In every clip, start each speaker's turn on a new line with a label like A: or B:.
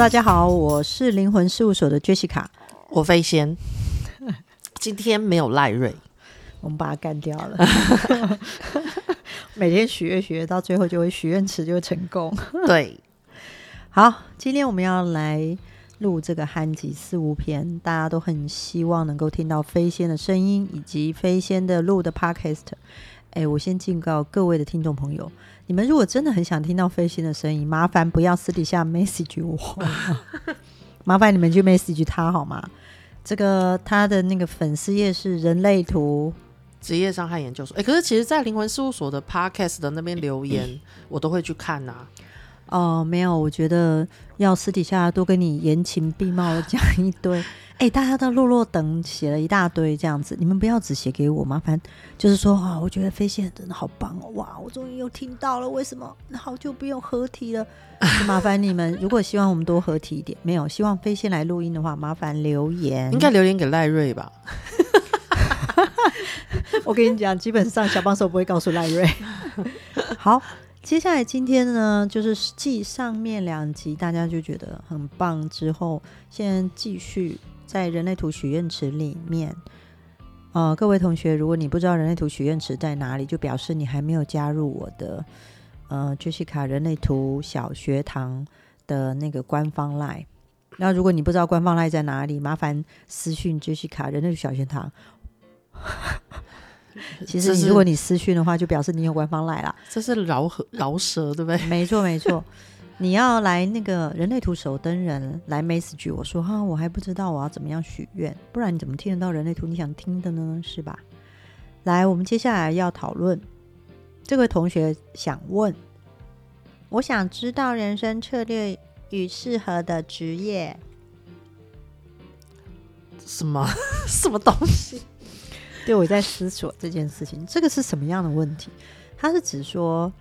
A: 大家好，我是靈魂事務所的 Jessica，我飛仙。
B: 今天沒有賴瑞， 我們把他幹掉
A: 了。 每天許願許願，到最後就會許願池就會成功。 對，好，今天我們要來錄這個憨吉四物篇，大家都很希望能夠聽到飛仙的聲音以及飛仙的錄的 Podcast。欸，我先敬告各位的聽眾朋友。你們如果真的很想聽到飛仙的聲音，麻煩不要私底下 message 我， 麻煩你們去 message 他好嗎？這個他的那個粉絲頁是人類圖職業傷害研究所。哎、欸，可是其實，
B: 在靈魂事務所的 podcast 的那邊留言、嗯嗯，我都會去看吶、
A: 啊。哦、呃，沒有，我覺得要私底下多跟你言情筆貌講一堆。 哎、欸，大家的落落等寫了一大堆這樣子，你們不要只寫給我麻煩，就是說啊，我覺得飛仙真的好棒哦，哇，我終於又聽到了，為什麼好久不用合體了？ 麻煩你們，如果希望我們多合體一點，沒有希望飛仙來錄音的話，麻煩留言，應該留言給賴瑞吧。 我跟你講，基本上小幫手不會告訴賴瑞。 好，接下來今天呢，就是繼上面兩集大家就覺得很棒之後，先繼續。在人類圖許願池裡面，呃，各位同學，如果你不知道人類圖許願池在哪裡，就表示你還沒有加入我的，呃，Jessica 人類圖小學堂的那個官方 Line。那如果你不知道官方 Line 在哪裡，麻煩私訊 Jessica 人類小學堂。 其實，如果你私訊的話，就表示你有官方 Line 啦。這是饒饒舌對不對？沒錯，沒錯。 你要來那個人類圖守燈人來 message 我說哈、啊，我還不知道我要怎麼樣許願，不然你怎麼聽得到人類圖你想聽的呢？是吧？來，我們接下來要討論。這位同學想問，我想知道人生策略與適合的職業什麼 什麼東西？ 對我在思索這件事情，這個是什麼樣的問題？他是指說？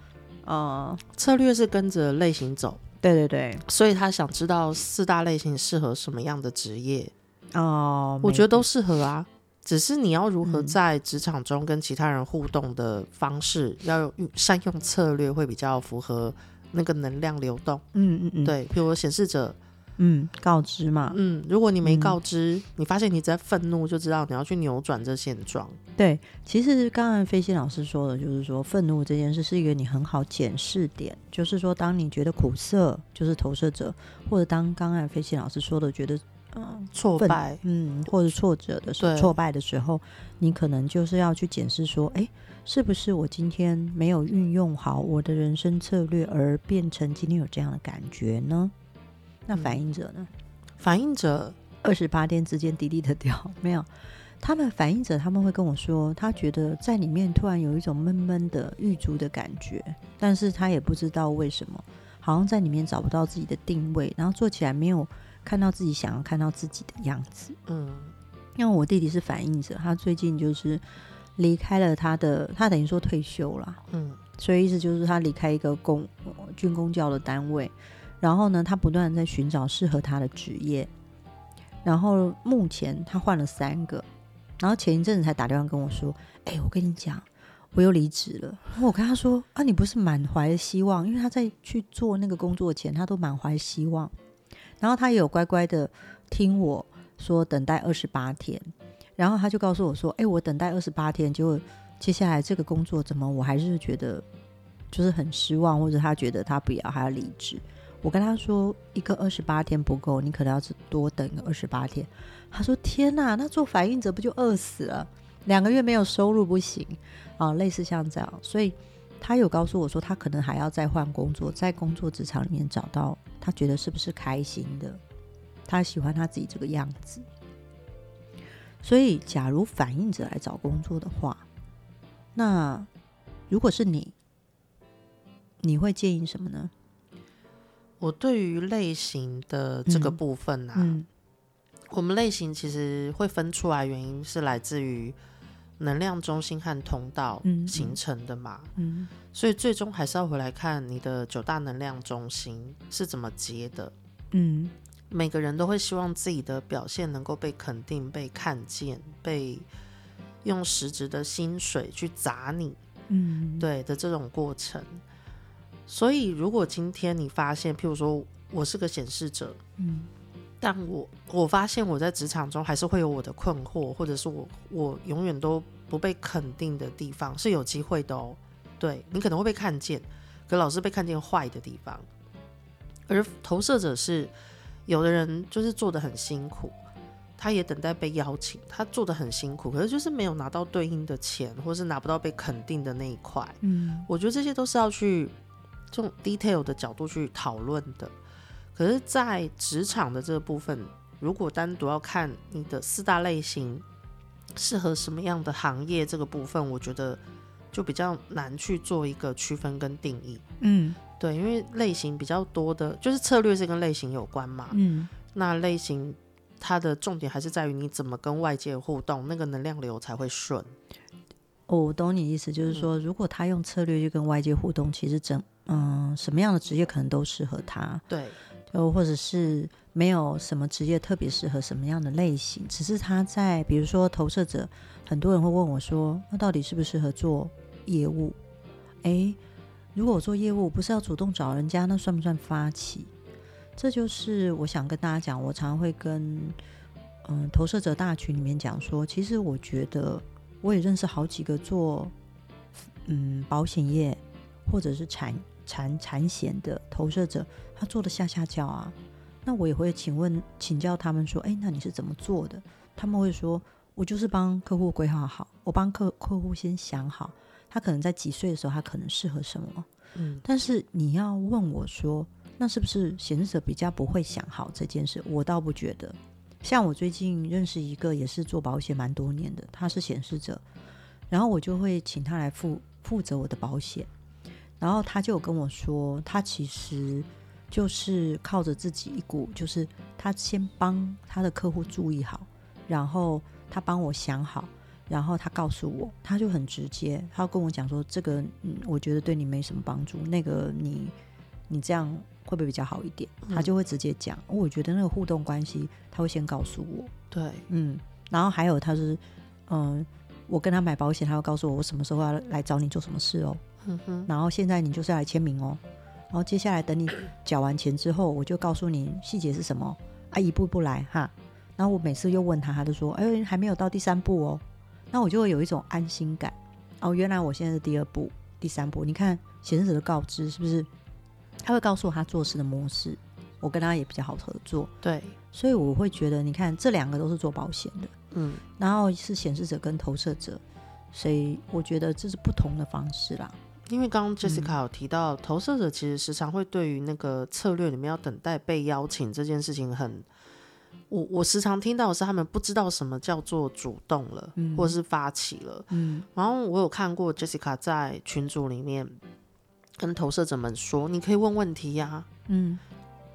A: 嗯、uh、策略，是跟着類型走，
B: 對對對，所以他想知道四大類型適合什麼樣的職業。哦、uh、我覺得都適合啊，只是你要如何在職場中跟其他人互動的方式，嗯、要用善用策略會比較符合那個能量流動。嗯嗯嗯，對，比如說顯示者。
A: 嗯，告知嘛。嗯，如果
B: 你沒告知，嗯、你發現
A: 你在憤怒，就知道你要去扭轉這現狀。對，其實剛剛飛仙老師說的，就是說憤怒這件事是一個你很好檢視點。就是說，當你覺得苦澀，就是投射者；或者當剛才飛仙老師說的覺得嗯、呃、挫敗，嗯，或者挫折的時候挫敗的時候，你可能就是要去檢視說，哎，是不是我今天沒有運用好我的人生策略，而變成今天有這樣的感覺呢？那反映者呢？嗯、反映者二十八天之間滴滴的掉沒有？他們反映者他們會跟我說，他覺得在裡面突然有一種悶悶的鬱卒的感覺，但是他也不知道為什麼，好像在裡面找不到自己的定位，然後做起來沒有看到自己想要看到自己的樣子。嗯，因為我弟弟是反映者，他最近就是離開了他的，他等於說退休了。嗯，所以意思就是他離開一個軍公教的單位。然後呢，他不斷在尋找適合他的職業，然後目前他換了三個，然後前一陣子才打電話跟我說：“哎、欸，我跟你講，我又離職了。”我跟他說：“啊，你不是滿懷希望？因為他在去做那個工作前，他都滿懷希望。然後他也有乖乖的聽我說，等待二十八天。然後他就告訴我說：“哎、欸，我等待二十八天，結果接下來這個工作怎麼我還是覺得就是很失望，或者他覺得他不要，還要離職。”我跟他說，一個二十八天不夠，你可能要多等個二十八天。他說：“天哪，那做反映者不就餓死了？兩個月沒有收入不行啊！類似像這樣，所以他有告訴我說，他可能還要再換工作，在工作職場裡面找到他覺得是不是開心的，他喜歡他自己這個樣子。所以，假如反映者來找工作的話，那如果是你，你會建議什麼呢？”我
B: 對於類型的這個部分啊，嗯嗯、我們類型其實會分出來，原因是來自於能量中心和通道形成的嘛、嗯嗯。所以最終還是要回來看你的九大能量中心是怎麼接的。嗯，每個人都會希望自己的表現能夠被肯定、被看見、被用實質的薪水去砸你。嗯，對的這種過程。所以，如果今天你發現，譬如說我是個顯示者，嗯，但我我發現我在職場中還是會有我的困惑，或者是我我永遠都不被肯定的地方，是有機會的哦。對，你可能會被看見，可是老是被看見壞的地方。而投射者是有的人就是做得很辛苦，他也等待被邀請，他做得很辛苦，可是就是沒有拿到對應的錢，或是拿不到被肯定的那一塊。嗯，我覺得這些都是要去。這種 detail 的角度去討論的，可是，在職場的這個部分，如果單獨要看你的四大類型適合什麼樣的行業，這個部分，我覺得就比較難去做一個區分跟定義。嗯，對，因為類型比較多的，就是策略是跟類型有關嘛。嗯，那類型它的重點還是在於你怎麼跟外界互動，那個能量流才會順。
A: 哦，我懂你意思，就是說，嗯，如果他用策略去跟外界互動，其實整嗯，什麼樣的職業可能都適合他？對，就或者是沒有什麼職業特別適合什麼樣的類型？只是他在，比如說投射者，很多人會問我說：“那到底適不適合做業務？”誒，如果我做業務，不是要主動找人家，那算不算發起？這就是我想跟大家講，我常會跟嗯投射者大群裡面講說，其實我覺得我也認識好幾個做嗯保險業或者是產。產產險的投射者，他做得嚇嚇叫啊，那我也會請問請教他們說，誒、欸，那你是怎麼做的？他們會說，我就是幫客戶規劃好，我幫客客戶先想好，他可能在幾歲的時候，他可能適合什麼。嗯，但是你要問我說，那是不是顯示者比較不會想好這件事？我倒不覺得。像我最近認識一個，也是做保險蠻多年的，他是顯示者，然後我就會請他來負負責我的保險。然後他就跟我說，他其實就是靠着自己一股，就是他先幫他的客戶注意好，然後他幫我想好，然後他告訴我，他就很直接，他跟我講說這個，嗯，我覺得對你沒什麼幫助，那個你你這樣會不會比較好一點？他就會直接講。我覺得那個互動關係，他會先告訴我，對，嗯，然後還有他是，嗯，我跟他買保險，他會告訴我我什麼時候要來找你做什麼事哦。然後現在你就是要來簽名哦，然後接下來等你繳完錢之後，我就告訴你細節是什麼啊，一步一步來哈。然後我每次又問他，他就說：“哎，還沒有到第三步哦。”那我就會有一種安心感哦。原來我現在是第二步、第三步，你看顯示者的告知是不是？他會告訴我他做事的模式，我跟他也比較好合作。對，所以我會覺得，你看這兩個都是做保險的，嗯，然後是顯示者跟投射者，所以我覺得這是不同的方式啦。
B: 因為剛剛 Jessica 有提到，嗯，投射者其實時常會對於那個策略裡面要等待被邀請這件事情很，我我時常聽到的是他們不知道什麼叫做主動了，或者是發起了。嗯，然後我有看過 Jessica 在群組裡面跟投射者們說：“嗯、你可以問問題呀，啊，嗯，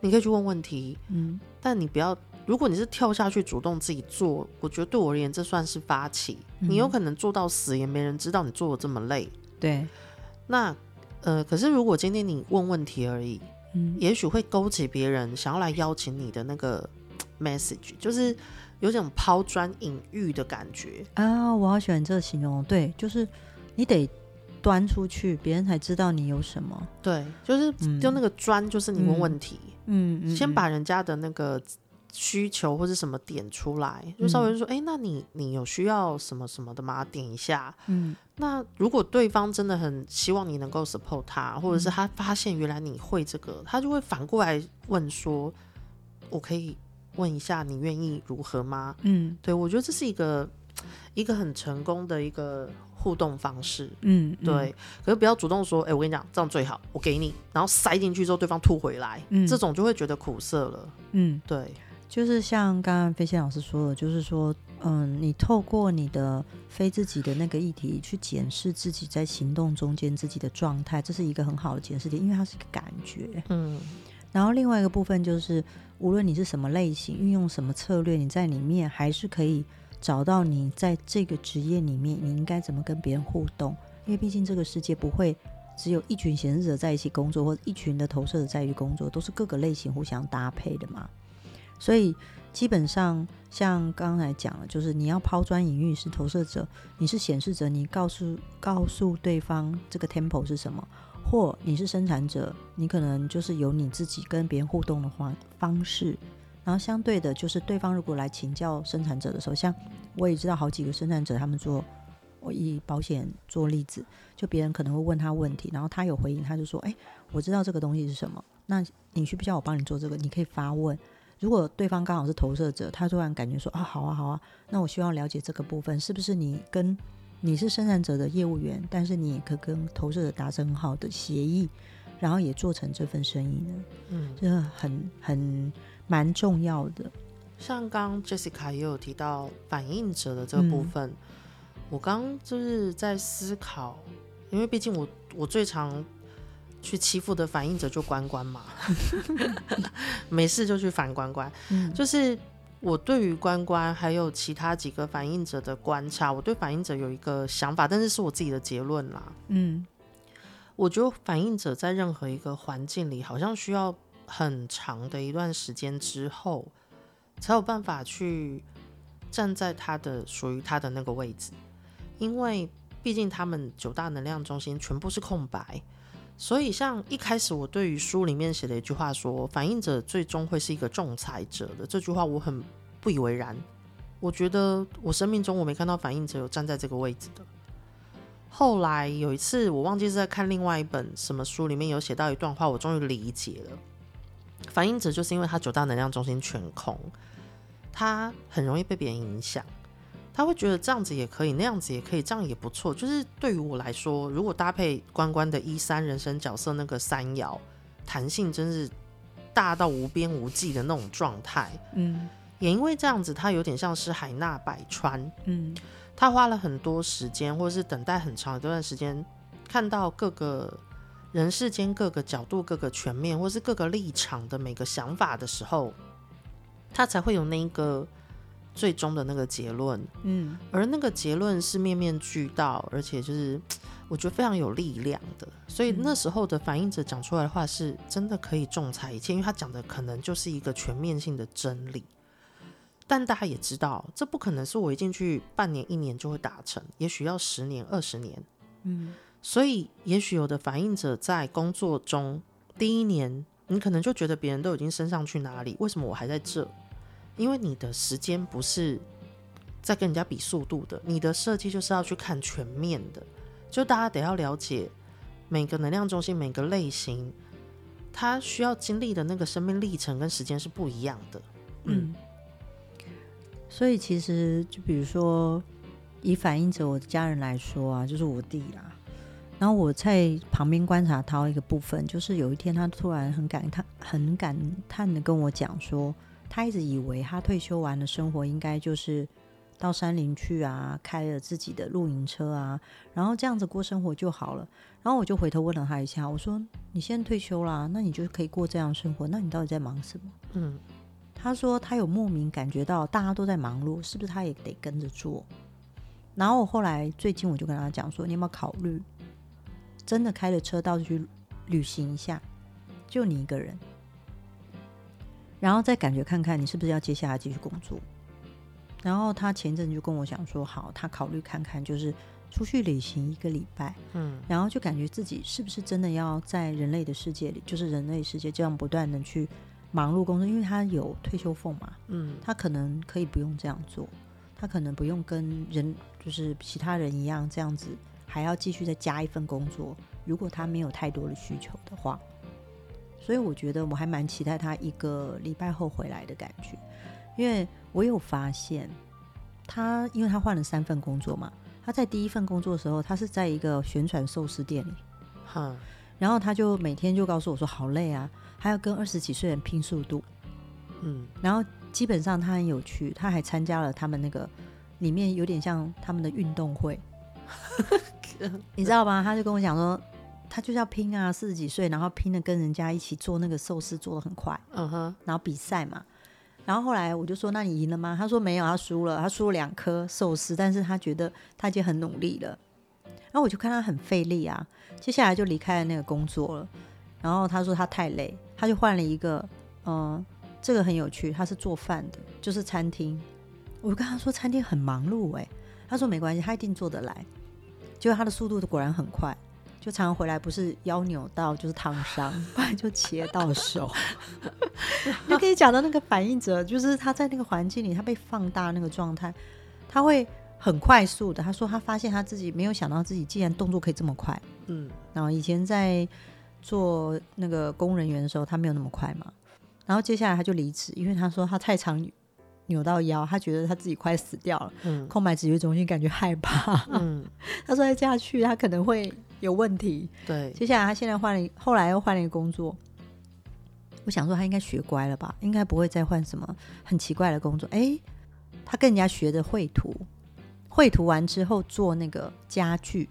B: 你可以去問問題，
A: 嗯，
B: 但你不要，如果你是跳下去主動自己做，我覺得對我而言這算是發起。嗯，你有可能做到死也沒人知道你做的這麼累，對。”那，呃，可是如果今天你問問題而已，嗯，也許會勾起別人想要來邀請你的那個 message，就是有種拋磚引玉的感覺
A: 啊。我好喜歡這個形容，對，就是你得端出去，別人才知道你有什麼。對，就是、嗯、就那個磚，就是你問問題
B: 嗯，嗯，先把人家的那個。需求或者什麼點出來，嗯、就稍微說，哎、欸，那你你有需要什麼什麼的嗎？點一下。嗯，那如果對方真的很希望你能夠 support 他，或者是他發現原來你會這個，嗯、他就會反過來問說：“我可以問一下，你願意如何嗎？”嗯，對，我覺得這是一個一個很成功的一個互動方式。嗯，嗯對。可是不要主動說，哎、欸，我跟你講，這樣最好，我給你，然後塞進去之後，對方吐回來，嗯，這種就會覺得苦澀了。嗯，
A: 對。就是像剛剛飛仙老師說的，就是說，嗯，你透過你的非自己的那個議題去檢視自己在行動中間自己的狀態，這是一個很好的檢視點，因為它是一個感覺。嗯，然後另外一個部分就是，無論你是什麼類型，運用什麼策略，你在裡面還是可以找到你在這個職業裡面你應該怎麼跟別人互動，因為畢竟這個世界不會只有一群顯示者在一起工作，或者一群的投射者在於工作，都是各個類型互相搭配的嘛。所以基本上像剛才講了，就是你要拋磚引玉，是投射者，你是顯示者，你告訴告訴對方這個 tempo 是什麼，或你是生產者，你可能就是有你自己跟別人互動的方方式。然後相對的，就是對方如果來請教生產者的時候，像我也知道好幾個生產者，他們做我以保險做例子，就別人可能會問他問題，然後他有回應，他就說：“哎，我知道這個東西是什麼，那你需不需要我幫你做這個？你可以發問。”如果對方剛好是投射者，他突然感覺說啊好啊好啊，那我需要了解這個部分是不是，你跟你是生產者的業務員，但是你也可以跟投射者達成很好的協議，然後也做成這份生意呢？嗯，這個很很蠻重要的。
B: 像剛 Jessica 也有提到反應者的這個部分，嗯、我剛就是在思考，因為畢竟我我最常。去欺負的反應者就關關嘛 沒事就去反關關。嗯。就是我對於關關還有其他幾個反應者的觀察，我對反應者有一個想法，但是是我自己的結論啦。嗯，我覺得反應者在任何一個環境裡，好像需要很長的一段時間之後，才有辦法去站在他的屬於他的那個位置，因為畢竟他們九大能量中心全部是空白。所以，像一開始我對於書裡面寫的一句話說，反映者最終會是一個仲裁者的這句話，我很不以為然。我覺得我生命中我沒看到反映者有站在這個位置的。後來有一次，我忘記是在看另外一本什麼書，裡面有寫到一段話，我終於理解了。反映者就是因為他九大能量中心全空，他很容易被別人影響。他會覺得這樣子也可以，那樣子也可以，這樣也不錯。就是對於我來說，如果搭配關關的一三人生角色那個三爻，彈性真是大到無邊無際的那種狀態。嗯，也因為這樣子，他有點像是海納百川。嗯，他花了很多時間，或是等待很長一段時間，看到各個人世間各個角度、各個全面，或是各個立場的每個想法的時候，他才會有那個。最終的那個結論，嗯，而那個結論是面面俱到，而且就是我覺得非常有力量的。所以那時候的反映者講出來的話，是真的可以仲裁一切，因為他講的可能就是一個全面性的真理。但大家也知道，這不可能是我一進去半年、一年就會達成，也許要十年、二十年，嗯。所以，也許有的反映者在工作中第一年，你可能就覺得別人都已經升上去哪裡，為什麼我還在這？嗯因為你的時間不是在跟人家比速度的，你的設計就是要去看全面的。就大家得要了解每個能量中心、每個類型，他需要經歷的那個生命
A: 歷程跟時間是不一樣的。嗯，所以其實就比如說以反映者我的家人來說啊，就是我弟啦。然後我在旁邊觀察他一個部分，就是有一天他突然很感嘆、很感嘆的跟我講說。他一直以為他退休完的生活應該就是到山林去啊，開了自己的露營車啊，然後這樣子過生活就好了。然後我就回頭問了他一下，我說：“你現在退休啦啊，那你就可以過這樣生活？那你到底在忙什麼？”嗯，他說他有莫名感覺到大家都在忙碌，是不是他也得跟着做？然後我後來最近我就跟他講說：“你有沒有考慮真的開着車到處去旅行一下？就你一個人。”然後再感覺看看你是不是要接下來繼續工作，然後他前一陣就跟我講說，好，他考慮看看就是出去旅行一個禮拜，嗯，然後就感覺自己是不是真的要在人類的世界裡，就是人類世界這樣不斷的去忙碌工作，因為他有退休俸嘛，嗯，他可能可以不用這樣做，他可能不用跟人就是其他人一樣這樣子還要繼續再加一份工作，如果他沒有太多的需求的話。所以我覺得我還蠻期待他一個禮拜後回來的感覺，因為我有發現他，因為他換了三份工作嘛，他在第一份工作的時候，他是在一個旋轉壽司店裡，哈，然後他就每天就告訴我說好累啊，還要跟二十幾歲人拼速度，嗯，然後基本上他很有趣，他還參加了他們那個裡面有點像他們的運動會，你知道嗎？他就跟我講說。他就是要拼啊，四十幾歲，然後拼的跟人家一起做那個壽司，做得很快。嗯哼。然後比賽嘛，然後後來我就說：“那你贏了嗎？”他說：“沒有，他輸了，他輸了兩顆壽司，但是他覺得他已經很努力了。”然後我就看他很費力啊，接下來就離開了那個工作了。然後他說他太累，他就換了一個，嗯，這個很有趣，他是做飯的，就是餐廳。我跟他說餐廳很忙碌哎、欸，他說沒關係，他一定做得來。結果他的速度果然很快。就常常回來，不是腰扭到，就是燙傷，不然就切到手。你 可以講到那個反映者，就是他在那個環境裡，他被放大那個狀態，他會很快速的。他說他發現他自己沒有想到自己竟然動作可以這麼快。嗯，然後以前在做那個工人員的時候，他沒有那麼快嘛。然後接下來他就離職，因為他說他太常扭到腰，他覺得他自己快死掉了。嗯，空白直覺中心感覺害怕。嗯， 他說接下去他可能會。有問題，對。接下來他現在換了，後來又換了一個工作。我想說他應該學乖了吧，應該不會再換什麼很奇怪的工作。哎、欸，他跟人家學的繪圖，繪圖完之後做那個家具。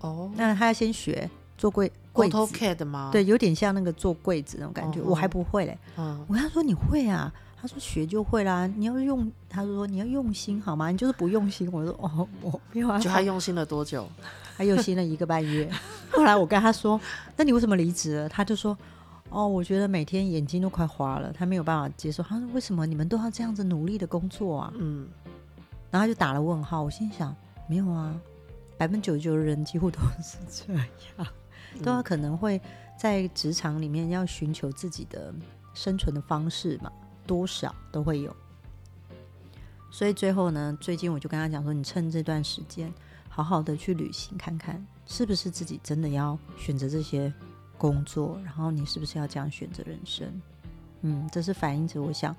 A: 哦。那他要先學做櫃櫃子、AutoCAD 嗎？對，有點像那個做櫃子那種感覺，哦，我還不會嘞，嗯。我跟他說你會啊？他說學就會啦。你要用，他就說你要用心好嗎？你就是不用心，我說哦，我沒有。就他用心了多久？ 他又休了一個半月， 後來我跟他說：“那你為什麼離職了？”他就說：“哦，我覺得每天眼睛都快花了，他沒有辦法接受。”他說：“為什麼你們都要這樣子努力的工作啊？”嗯，然後他就打了問號。我心想：“沒有啊，百分之九十九的人幾乎都是這樣，嗯、都要可能會在職場裡面要尋求自己的生存的方式嘛，多少都會有。”所以最後呢，最近我就跟他講說：“你趁這段時間。”好好的去旅行看看，是不是自己真的要選擇這些工作？然後你是不是要這樣選擇人生？嗯，這是反映者。我想，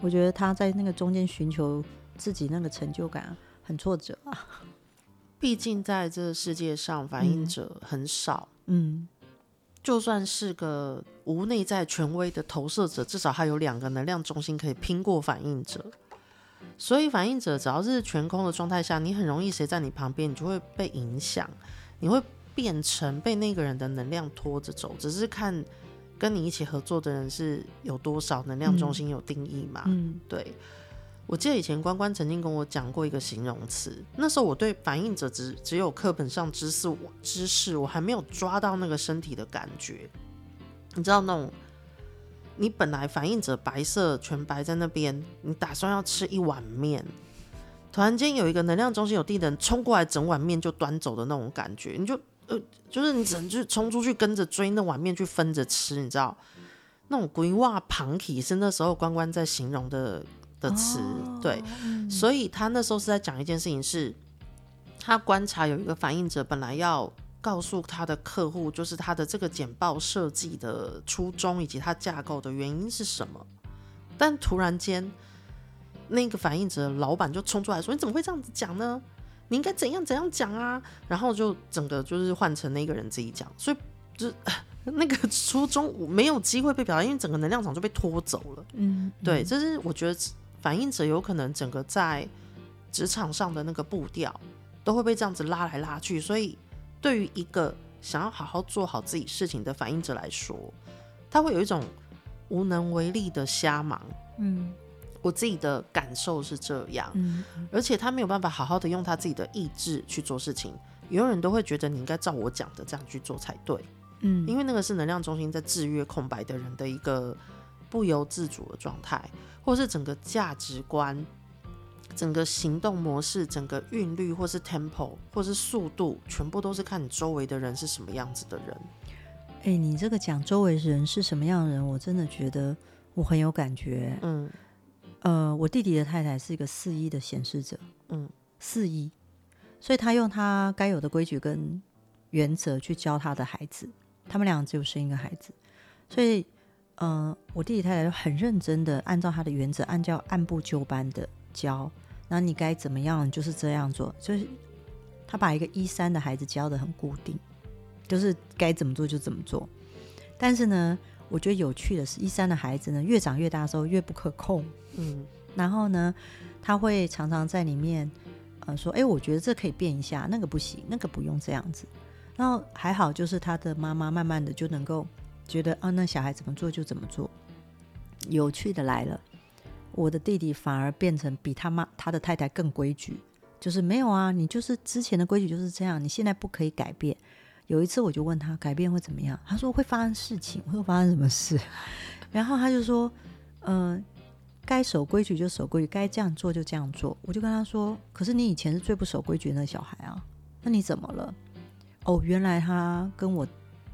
A: 我覺得他在那個中間尋求自己那個成就感，很挫折啊。
B: 畢竟在這個世界上，反映者很少。
A: 嗯，
B: 就算是個無內在權威的投射者，至少還有兩個能量中心可以拼過反映者。所以反應者只要是全空的狀態下，你很容易誰在你旁邊，你就會被影響，你會變成被那個人的能量拖着走。只是看跟你一起合作的人是有多少能量中心有定義嘛。嗯，對。我記得以前關關曾經跟我講過一個形容詞，那時候我對反應者只只有課本上知識我，我知識我還沒有抓到那個身體的感覺，你知道那種。你本來反映者白色全白在那邊，你打算要吃一碗麵，突然間有一個能量中心有地的人衝過來，整碗麵就端走的那種感覺，你就呃，就是你只能去衝出去跟着追那碗麵去分着吃，你知道那種鬼話旁體，是那時候關關在形容的的詞。哦，對，所以他那時候是在講一件事情是，是他觀察有一個反映者本來要。告訴他的客戶，就是他的這個簡報設計的初衷以及他架構的原因是什麼。但突然間，那個反映者老板就衝出來說：“你怎麼會這樣子講呢？你應該怎樣怎樣講啊？”然後就整個就是換成那個人自己講，所以就那個初衷沒有機會被表達，因為整個能量場就被拖走了。嗯，對，就是我覺得反映者有可能整個在職場上的那個步調都會被這樣子拉來拉去，所以。對於一個想要好好做好自己事情的反應者來說，他會有一種無能為力的瞎忙。嗯，我自己的感受是這樣。嗯，而且他沒有辦法好好的用他自己的意志去做事情。有，有人都會覺得你應該照我講的這樣去做才對。嗯，因為那個是能量中心在制約空白的人的一個不由自主的狀態，或是整個價值觀。整個行動模式、整個韻律，或是 tempo，或是速度，全部都是看你周圍的人是什麼樣子的人。
A: 哎、欸，你這個講周圍人是什麼樣的人，我真的覺得我很有感覺。嗯，呃，我弟弟的太太是一個四一的顯示者，嗯，四一，所以他用他該有的規矩跟原則去教他的孩子。他、嗯、們倆只有生一個孩子，所以，嗯、呃，我弟弟太太就很認真的按照他的原則，按照按部就班的。教，然後你該怎麼樣就是這樣做，就是他把一個一三的孩子教的很固定，就是該怎麼做就怎麼做。但是呢，我覺得有趣的是，一三的孩子呢，越長越大的時候越不可控，嗯，然後呢，他會常常在裡面，呃，說，哎，我覺得這可以變一下，那個不行，那個不用這樣子。然後還好，就是他的媽媽慢慢的就能夠覺得，啊，那小孩怎麼做就怎麼做。有趣的來了。我的弟弟反而變成比他媽他的太太更規矩，就是沒有啊，你就是之前的規矩就是這樣，你現在不可以改變。有一次我就問他改變會怎麼樣？他說會發生事情。會發生什麼事？然後他就說，嗯、呃，該守規矩就守規矩，該這樣做就這樣做。我就跟他說，可是你以前是最不守規矩的那小孩啊，那你怎麼了？哦，原來他跟我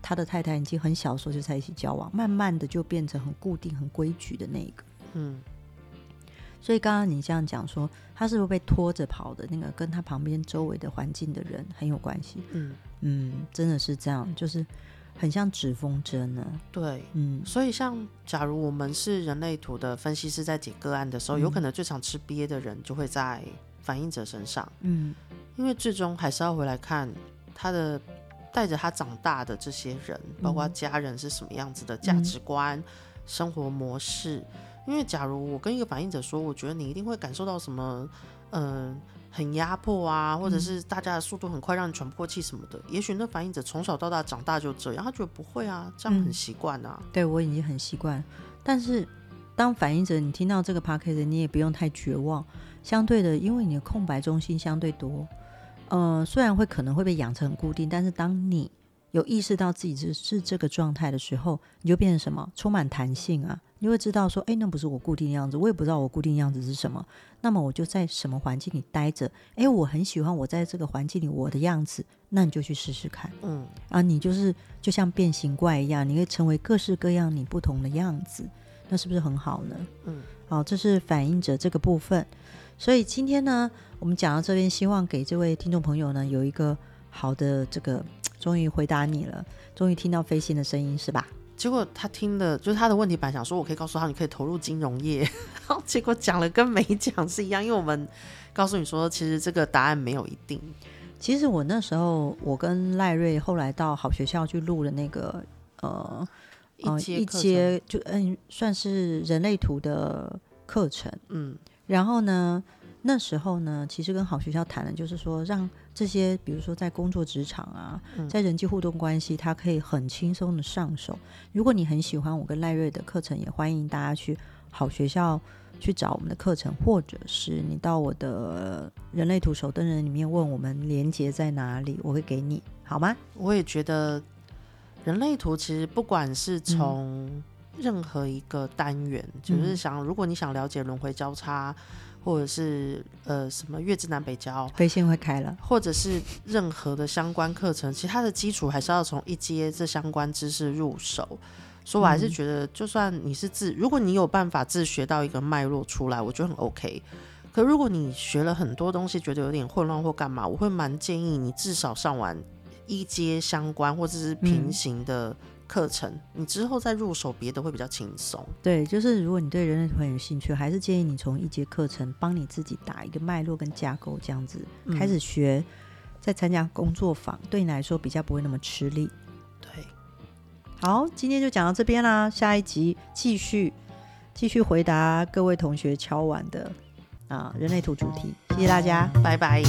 A: 他的太太已經很小時候就在一起交往，慢慢的就變成很固定、很規矩的那個，嗯。所以剛剛你這樣講說，他是不是被拖着跑的那個，跟他旁邊周圍的環境的人很有關係？嗯嗯，真的是這樣，就是很像指風針呢。對，嗯。所以像假如我們
B: 是人類圖的分析師，在解個案的時候，嗯、有可能最常吃鱉的人就會在反映者身上。嗯，因為最終還是要回來看他的帶着他長大的這些人，嗯、包括家人是什麼樣子的價值觀、嗯、生活模式。因為假如我跟一個反應者說，我覺得你一定會感受到什麼，嗯、呃，很壓迫啊，或者是大家的速度很快，讓你喘不過氣什麼的，嗯。也許那反應者從小到大長大就這樣，他覺得不會啊，這樣很習慣
A: 啊。嗯、對，我已經很習慣。但是當反應者你聽到這個 p a d k a s 你也不用太絕望。相對的，因為你的空白中心相對多，嗯、呃，雖然會可能會被養成固定，但是當你有意識到自己是是這個狀態的時候，你就變成什麼，充滿彈性啊。你會知道說，哎，那不是我固定的樣子，我也不知道我固定的樣子是什麼。那麼我就在什麼環境裡待着，哎，我很喜歡我在這個環境裡我的樣子。那你就去試試看，嗯，啊，你就是就像變形怪一樣，你可以成為各式各樣你不同的樣子，那是不是很好呢？嗯，好，這是反映者這個部分。所以今天呢，我們講到這邊，希望給這位聽眾朋友呢有一個好的這個，終於回答你了，終於聽到飛仙的聲音，是吧？
B: 結果他聽的，就是他的問題本來想說，我可以告訴他，你可以投入金融業。然後結果講了跟沒講是一樣，因為我們告訴你說，
A: 其實這個答案沒有一定。其實我那時候，我跟賴瑞後來到好學校去錄了那個
B: 呃一呃一些
A: 就嗯、呃、算是人類圖的課程，嗯，然後呢。那時候呢，其實跟好學校談的就是說，讓這些比如說在工作職場啊，嗯、在人際互動關係，他可以很輕鬆的上手。如果你很喜歡我跟賴瑞的課程，也歡迎大家去好學校去找我們的課程，或者是你到我的《人類圖手燈人》裡面問我們連接在哪裡，我會給你好嗎？我也覺得《人類圖》其實不管是從任何一個單
B: 元，嗯、就是想如果你想了解輪迴交叉。或者是呃什麼月之南北交
A: 飛仙會開了，
B: 或者是任何的相關課程，其他的基礎還是要從一階這相關知識入手。所以，我還是覺得，就算你是自、嗯，如果你有辦法自學到一個脈絡出來，我覺得很 OK。可如果你學了很多東西，覺得有點混亂或幹嘛，我會蠻建議你至少上完一階相關或者是平行的、嗯。課程，你之後再入手別的會比較輕鬆。
A: 對，就是如果你對人類圖很有興趣，還是建議你從一節課程幫你自己打一個脈絡跟架構，這樣子、嗯、開始學，再參加工作坊，對你來說比較不會那麼吃力。對，好，今天就講到這邊啦，下一集繼續繼續回答各位同學敲碗的啊人類圖主題，哦、謝謝大家，哦、拜拜。